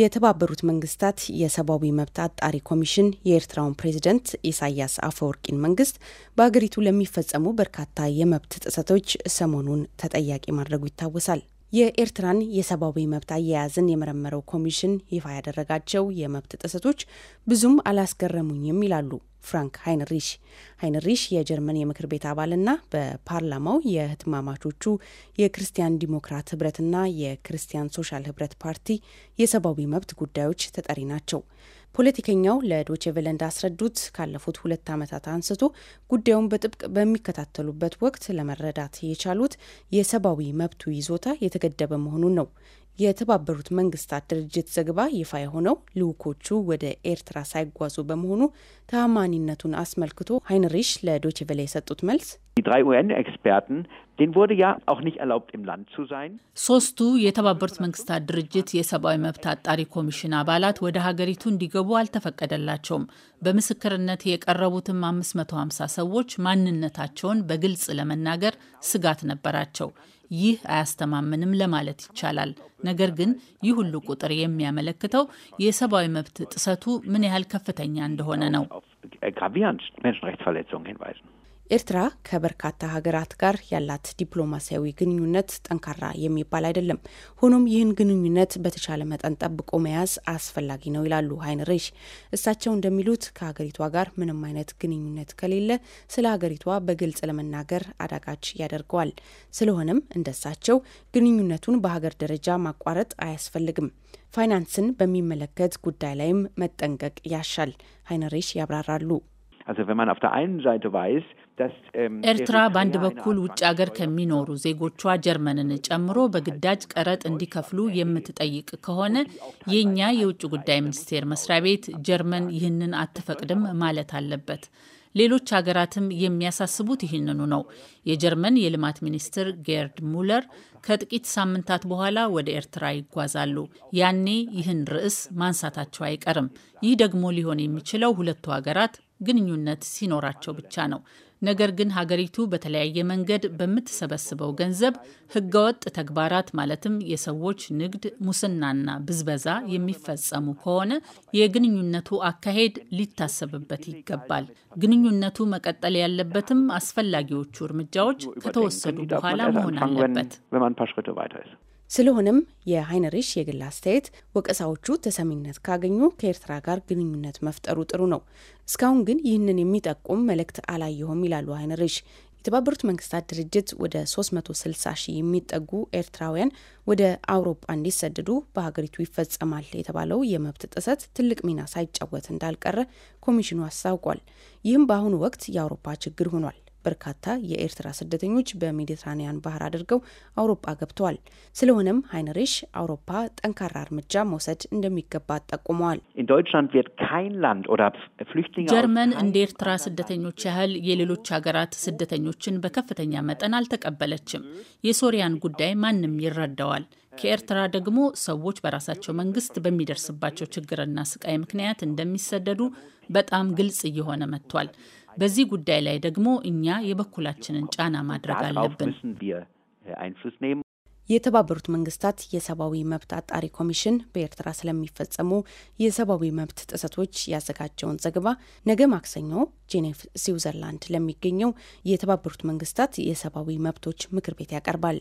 የተባበሩት መንግስታት የሰብአዊ መብት አጣሪ ኮሚሽን የኤርትራውን ፕሬዝደንት ኢሳያስ አፈወርቂን መንግስት በሀገሪቱ ለሚፈጸሙ በርካታ የመብት ጥሰቶች ሰሞኑን ተጠያቂ ማድረጉ ይታወሳል። የኤርትራን የሰብአዊ መብት አያያዝን የመረመረው ኮሚሽን ይፋ ያደረጋቸው የመብት ጥሰቶች ብዙም አላስገረሙኝም ይላሉ ፍራንክ ሃይንሪሽ። ሃይንሪሽ የጀርመን የምክር ቤት አባልና በፓርላማው የህትማማቾቹ የክርስቲያን ዲሞክራት ህብረትና የክርስቲያን ሶሻል ህብረት ፓርቲ የሰብአዊ መብት ጉዳዮች ተጠሪ ናቸው። ፖለቲከኛው ለዶቼ አስረዱት እንዳስረዱት ካለፉት ሁለት ዓመታት አንስቶ ጉዳዩን በጥብቅ በሚከታተሉበት ወቅት ለመረዳት የቻሉት የሰብአዊ መብቱ ይዞታ የተገደበ መሆኑን ነው። የተባበሩት መንግስታት ድርጅት ዘግባ ይፋ የሆነው ልዑኮቹ ወደ ኤርትራ ሳይጓዙ በመሆኑ ተአማኒነቱን አስመልክቶ ሃይንሪሽ ለዶችቬለ የሰጡት መልስ ሶስቱ የተባበሩት መንግስታት ድርጅት የሰብአዊ መብት አጣሪ ኮሚሽን አባላት ወደ ሀገሪቱ እንዲገቡ አልተፈቀደላቸውም። በምስክርነት የቀረቡትም 550 ሰዎች ማንነታቸውን በግልጽ ለመናገር ስጋት ነበራቸው። ይህ አያስተማምንም ለማለት ይቻላል። ነገር ግን ይህ ሁሉ ቁጥር የሚያመለክተው የሰብአዊ መብት ጥሰቱ ምን ያህል ከፍተኛ እንደሆነ ነው። ኤርትራ ከበርካታ ሀገራት ጋር ያላት ዲፕሎማሲያዊ ግንኙነት ጠንካራ የሚባል አይደለም። ሆኖም ይህን ግንኙነት በተቻለ መጠን ጠብቆ መያዝ አስፈላጊ ነው ይላሉ ሀይንሬሽ እሳቸው እንደሚሉት ከሀገሪቷ ጋር ምንም አይነት ግንኙነት ከሌለ ስለ ሀገሪቷ በግልጽ ለመናገር አዳጋች ያደርገዋል። ስለሆነም እንደሳቸው ግንኙነቱን በሀገር ደረጃ ማቋረጥ አያስፈልግም። ፋይናንስን በሚመለከት ጉዳይ ላይም መጠንቀቅ ያሻል፣ ሃይንሪሽ ያብራራሉ። Ähm, ኤርትራ በአንድ በኩል ውጭ ሀገር ከሚኖሩ ዜጎቿ ጀርመንን ጨምሮ በግዳጅ ቀረጥ እንዲከፍሉ የምትጠይቅ ከሆነ የእኛ የውጭ ጉዳይ ሚኒስቴር መስሪያ ቤት ጀርመን ይህንን አትፈቅድም ማለት አለበት። ሌሎች ሀገራትም የሚያሳስቡት ይህንኑ ነው። የጀርመን የልማት ሚኒስትር ጌርድ ሙለር ከጥቂት ሳምንታት በኋላ ወደ ኤርትራ ይጓዛሉ። ያኔ ይህን ርዕስ ማንሳታቸው አይቀርም። ይህ ደግሞ ሊሆን የሚችለው ሁለቱ ሀገራት ግንኙነት ሲኖራቸው ብቻ ነው። ነገር ግን ሀገሪቱ በተለያየ መንገድ በምትሰበስበው ገንዘብ ህገወጥ ተግባራት ማለትም የሰዎች ንግድ፣ ሙስናና ብዝበዛ የሚፈጸሙ ከሆነ የግንኙነቱ አካሄድ ሊታሰብበት ይገባል። ግንኙነቱ መቀጠል ያለበትም አስፈላጊዎቹ እርምጃዎች ከተወሰዱ በኋላ መሆን አለበት። ስለሆነም የሃይነሪሽ የግል አስተያየት ወቀሳዎቹ ተሰሚነት ካገኙ ከኤርትራ ጋር ግንኙነት መፍጠሩ ጥሩ ነው፣ እስካሁን ግን ይህንን የሚጠቁም መልእክት አላየሁም ይላሉ ሃይነሪሽ። የተባበሩት መንግስታት ድርጅት ወደ 360 ሺህ የሚጠጉ ኤርትራውያን ወደ አውሮፓ እንዲሰደዱ በሀገሪቱ ይፈጸማል የተባለው የመብት ጥሰት ትልቅ ሚና ሳይጫወት እንዳልቀረ ኮሚሽኑ አስታውቋል። ይህም በአሁኑ ወቅት የአውሮፓ ችግር ሆኗል። በርካታ የኤርትራ ስደተኞች በሜዲትራኒያን ባህር አድርገው አውሮፓ ገብተዋል። ስለሆነም ሃይነሪሽ አውሮፓ ጠንካራ እርምጃ መውሰድ እንደሚገባ ጠቁመዋል። ጀርመን እንደ ኤርትራ ስደተኞች ያህል የሌሎች ሀገራት ስደተኞችን በከፍተኛ መጠን አልተቀበለችም። የሶሪያን ጉዳይ ማንም ይረዳዋል። ከኤርትራ ደግሞ ሰዎች በራሳቸው መንግስት በሚደርስባቸው ችግርና ስቃይ ምክንያት እንደሚሰደዱ በጣም ግልጽ እየሆነ መጥቷል። በዚህ ጉዳይ ላይ ደግሞ እኛ የበኩላችንን ጫና ማድረግ አለብን። የተባበሩት መንግስታት የሰብአዊ መብት አጣሪ ኮሚሽን በኤርትራ ስለሚፈጸሙ የሰብአዊ መብት ጥሰቶች ያዘጋጀውን ዘገባ ነገ ማክሰኞ ጄኔቭ ስዊዘርላንድ ለሚገኘው የተባበሩት መንግስታት የሰብአዊ መብቶች ምክር ቤት ያቀርባል።